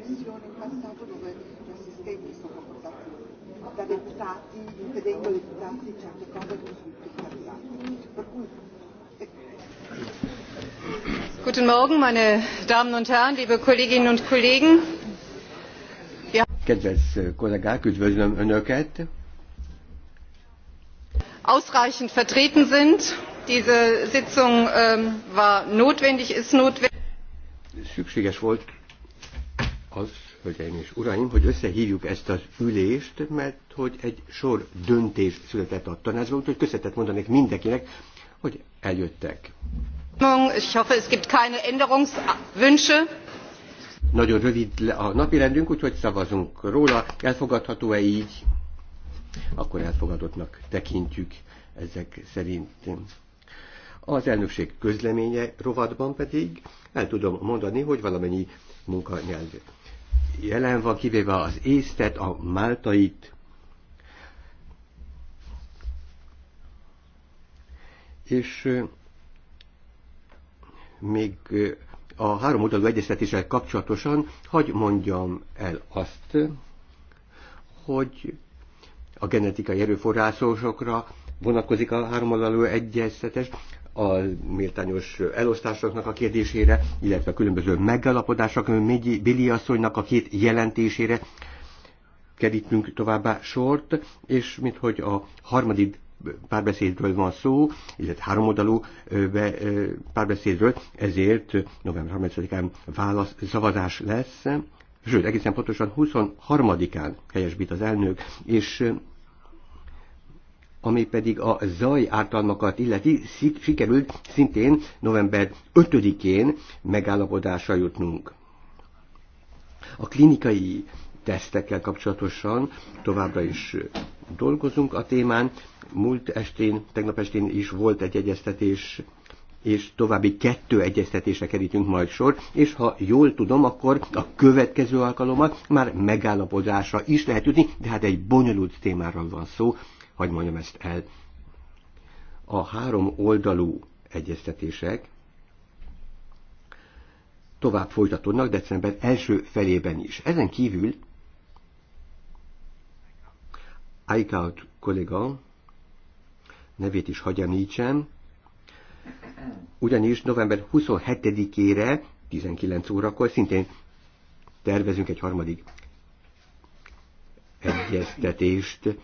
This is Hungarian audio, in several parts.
commissione in passato dove gli assistenti sono portati da deputati, impedendo ai deputati certe cose che sono più cambiate. Per cui Guten Morgen, meine Damen und Herren, liebe Kolleginnen und Kollegen. Ja. Kedves kollégák, üdvözlöm Önöket! Ausreichend vertreten sind. Diese Sitzung ähm, war notwendig, ist notwendig. Szükséges volt az, hölgyeim és uraim, hogy összehívjuk ezt az ülést, mert hogy egy sor döntés született a tanácsban, úgyhogy köszönetet mondanék mindenkinek, hogy eljöttek. Ich hoffe, es gibt keine Änderungswünsche. Nagyon rövid a napi rendünk, úgyhogy szavazunk róla. Elfogadható-e így? Akkor elfogadottnak tekintjük ezek szerint. Az elnökség közleménye rovatban pedig el tudom mondani, hogy valamennyi munkanyelv jelen van, kivéve az észtet, a máltait. És még a három oldalú egyeztetéssel kapcsolatosan hagy mondjam el azt, hogy a genetikai erőforrásokra vonatkozik a háromoldalú egyeztetés, a méltányos elosztásoknak a kérdésére, illetve a különböző megállapodások Billy asszonynak a két jelentésére kerítünk továbbá sort, és minthogy a harmadik párbeszédről van szó, illetve háromoldalú párbeszédről, ezért november 30-án válasz, szavazás lesz, sőt, egészen pontosan 23-án helyesbít az elnök, és ami pedig a zaj ártalmakat illeti, sikerült szintén november 5-én megállapodásra jutnunk. A klinikai tesztekkel kapcsolatosan továbbra is dolgozunk a témán. Múlt estén, tegnap estén is volt egy egyeztetés és további kettő egyeztetésre kerítünk majd sor, és ha jól tudom, akkor a következő alkalommal már megállapodásra is lehet jutni, de hát egy bonyolult témáról van szó, hagyd mondjam ezt el, a három oldalú egyeztetések tovább folytatódnak december első felében is. Ezen kívül Aikaut kolléga nevét is hagy említsem, ugyanis november 27-ére 19 órakor szintén tervezünk egy harmadik egyeztetést,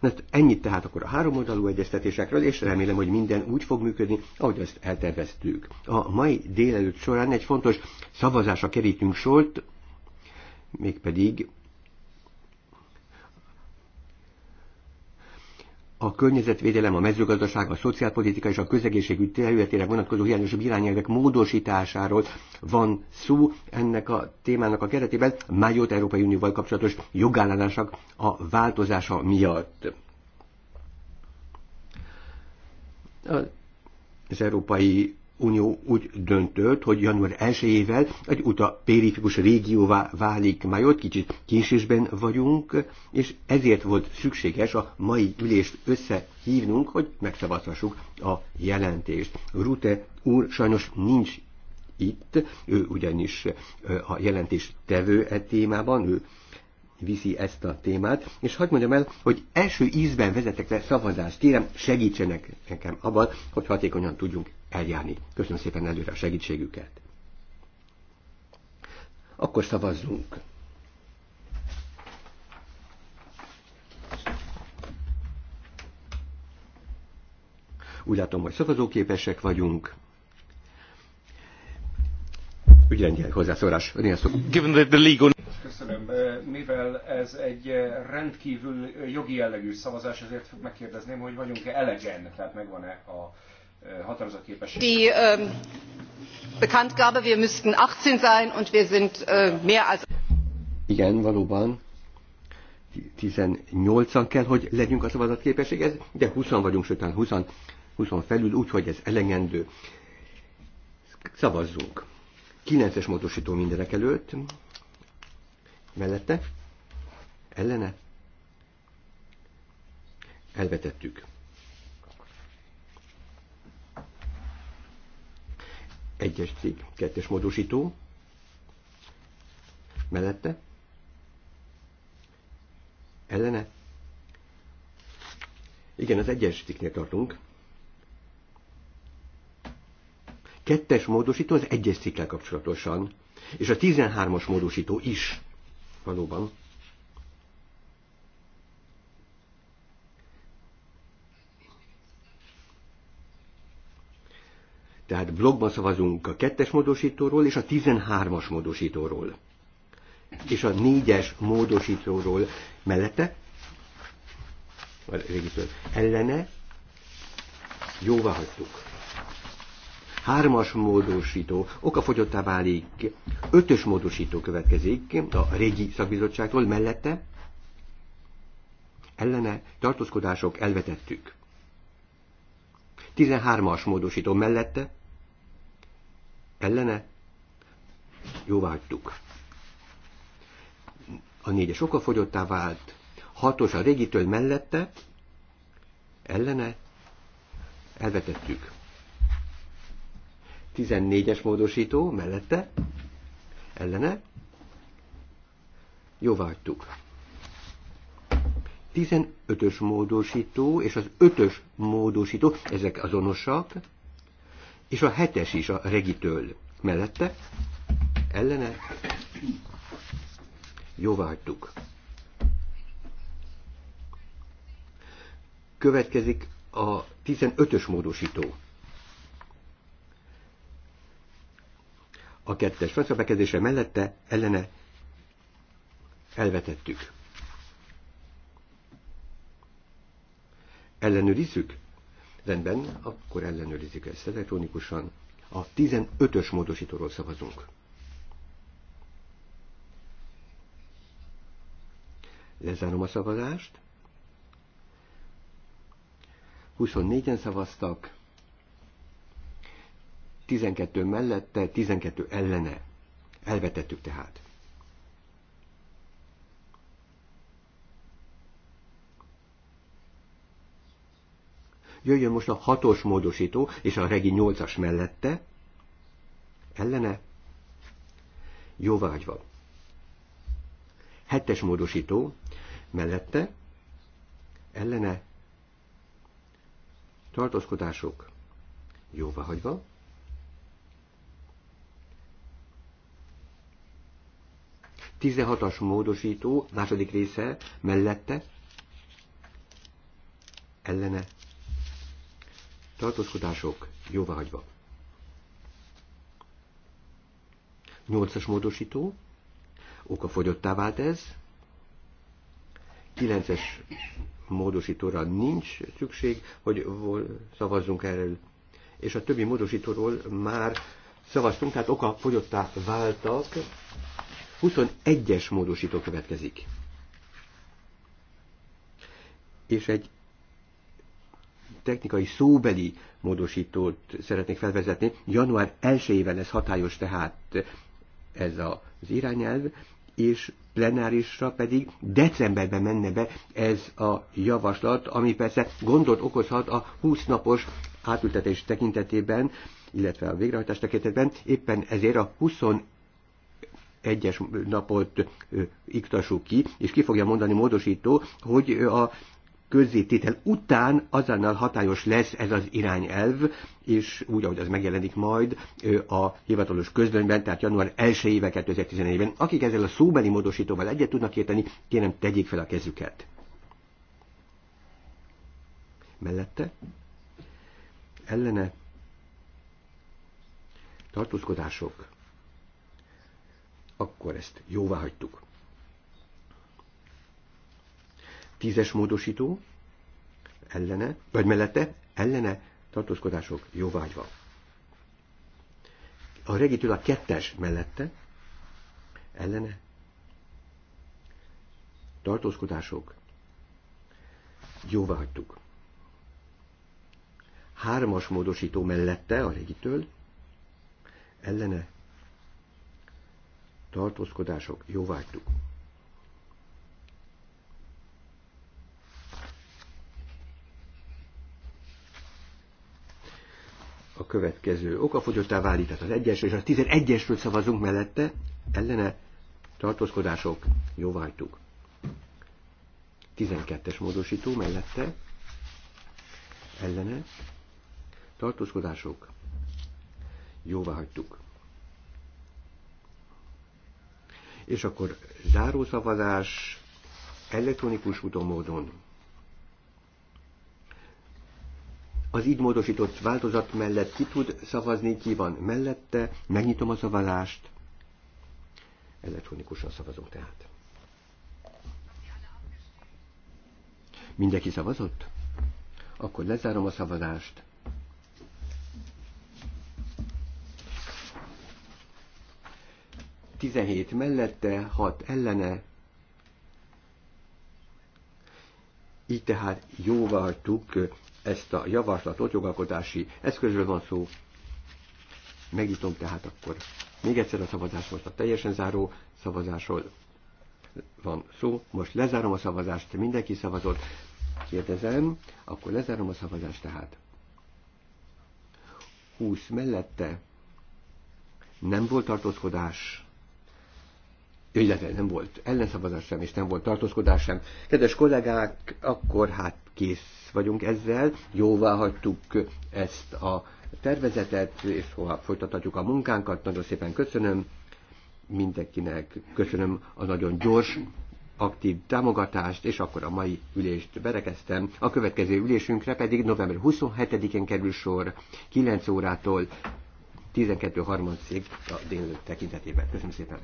Na, ennyit tehát akkor a háromoldalú egyeztetésekről, és remélem, hogy minden úgy fog működni, ahogy ezt elterveztük. A mai délelőtt során egy fontos szavazásra kerítünk sort, mégpedig a környezetvédelem, a mezőgazdaság, a szociálpolitika és a közegészségügy területére vonatkozó hiányos irányelvek módosításáról van szó ennek a témának a keretében májót Európai Unióval kapcsolatos jogállásak a változása miatt. Az Európai Unió úgy döntött, hogy január 1-ével egy uta périfikus régióvá válik ott kicsit késésben vagyunk, és ezért volt szükséges a mai ülést összehívnunk, hogy megszavazhassuk a jelentést. Rute úr sajnos nincs itt, ő ugyanis a jelentés tevő e témában, ő viszi ezt a témát, és hagyd mondjam el, hogy első ízben vezetek le szavazást, kérem segítsenek nekem abban, hogy hatékonyan tudjunk eljárni. Köszönöm szépen előre a segítségüket. Akkor szavazzunk. Úgy látom, hogy szavazóképesek vagyunk. Ügyrendjel hozzászólás. Given the, legal... Köszönöm. Mivel ez egy rendkívül jogi jellegű szavazás, ezért megkérdezném, hogy vagyunk-e elegen, tehát megvan-e a Die ähm, Bekanntgabe, wir müssten 18 sein und wir sind äh, mehr als... Igen, valóban 18-an kell, hogy legyünk a szavazatképességhez, de 20 vagyunk, sőt, 20, 20 felül, úgyhogy ez elegendő. Szavazzunk. Kilences es módosító mindenek előtt. Mellette? Ellene? Elvetettük. egyes cikk, kettes módosító, mellette, ellene. Igen, az egyes cikknél tartunk. Kettes módosító az egyes cikkel kapcsolatosan, és a 13-as módosító is valóban Tehát blogban szavazunk a kettes módosítóról és a 13-as módosítóról. És a négyes módosítóról mellette, vagy régitől, ellene jóvá hagytuk. Hármas módosító okafogyottá válik, ötös módosító következik a régi szakbizottságtól mellette, ellene tartózkodások elvetettük. 13-as módosító mellette, ellene hagytuk. A négyes okafogyottá vált, hatos a régitől mellette, ellene elvetettük. 14-es módosító mellette, ellene, hagytuk. 15-ös módosító és az 5-ös módosító, ezek azonosak, és a hetes is a regitől mellette, ellene jóvá hagytuk. Következik a 15-ös módosító. A kettes francia bekezdése mellette ellene elvetettük. Ellenőrizzük? Rendben, akkor ellenőrizzük ezt elektronikusan. A 15-ös módosítóról szavazunk. Lezárom a szavazást. 24-en szavaztak, 12 mellette, 12 ellene. Elvetettük tehát. Jöjjön most a hatos módosító, és a regi nyolcas mellette. Ellene. Jóvágyva. Hetes módosító mellette. Ellene. Tartózkodások. Jóváhagyva. Tizenhatas módosító második része mellette. Ellene tartózkodások jóváhagyva. Nyolcas módosító, fogyottá vált ez, kilences módosítóra nincs szükség, hogy szavazzunk erről, és a többi módosítóról már szavaztunk, tehát oka fogyottá váltak. 21-es módosító következik. És egy technikai szóbeli módosítót szeretnék felvezetni. Január 1-ével lesz hatályos tehát ez az irányelv, és plenárisra pedig decemberben menne be ez a javaslat, ami persze gondot okozhat a 20 napos átültetés tekintetében, illetve a végrehajtás tekintetében, éppen ezért a 20 egyes napot iktassuk ki, és ki fogja mondani módosító, hogy a közzététel után azonnal hatályos lesz ez az irányelv, és úgy, ahogy az megjelenik majd a hivatalos közlönyben, tehát január 1 éve 2014-ben. Akik ezzel a szóbeli módosítóval egyet tudnak érteni, kérem tegyék fel a kezüket. Mellette? Ellene? Tartózkodások? Akkor ezt jóvá hagytuk. Tízes módosító ellene, vagy mellette ellene tartózkodások jóvágyva. A regitől a kettes mellette ellene tartózkodások jóvágytuk. Hármas módosító mellette a regitől ellene tartózkodások jóvágytuk. következő okafogyottá válik, tehát az egyesről és a 11-esről szavazunk mellette, ellene tartózkodások jóvágytuk. 12-es módosító mellette, ellene tartózkodások jóváhagytuk. És akkor zárószavazás elektronikus úton módon az így módosított változat mellett ki tud szavazni, ki van mellette, megnyitom a szavazást, elektronikusan szavazunk tehát. Mindenki szavazott? Akkor lezárom a szavazást. Tizenhét mellette, hat ellene. Így tehát jóvá ezt a javaslatot, jogalkotási eszközről van szó. Megítom tehát akkor még egyszer a szavazás most a teljesen záró szavazásról van szó. Most lezárom a szavazást, mindenki szavazott, kérdezem, akkor lezárom a szavazást tehát. 20 mellette nem volt tartózkodás, illetve nem volt ellenszavazás sem, és nem volt tartózkodás sem. Kedves kollégák, akkor hát kész vagyunk ezzel, jóvá hagytuk ezt a tervezetet, és tovább folytathatjuk a munkánkat. Nagyon szépen köszönöm mindenkinek, köszönöm a nagyon gyors aktív támogatást, és akkor a mai ülést berekeztem. A következő ülésünkre pedig november 27-én kerül sor 9 órától 12.30-ig a délelőtt tekintetében. Köszönöm szépen!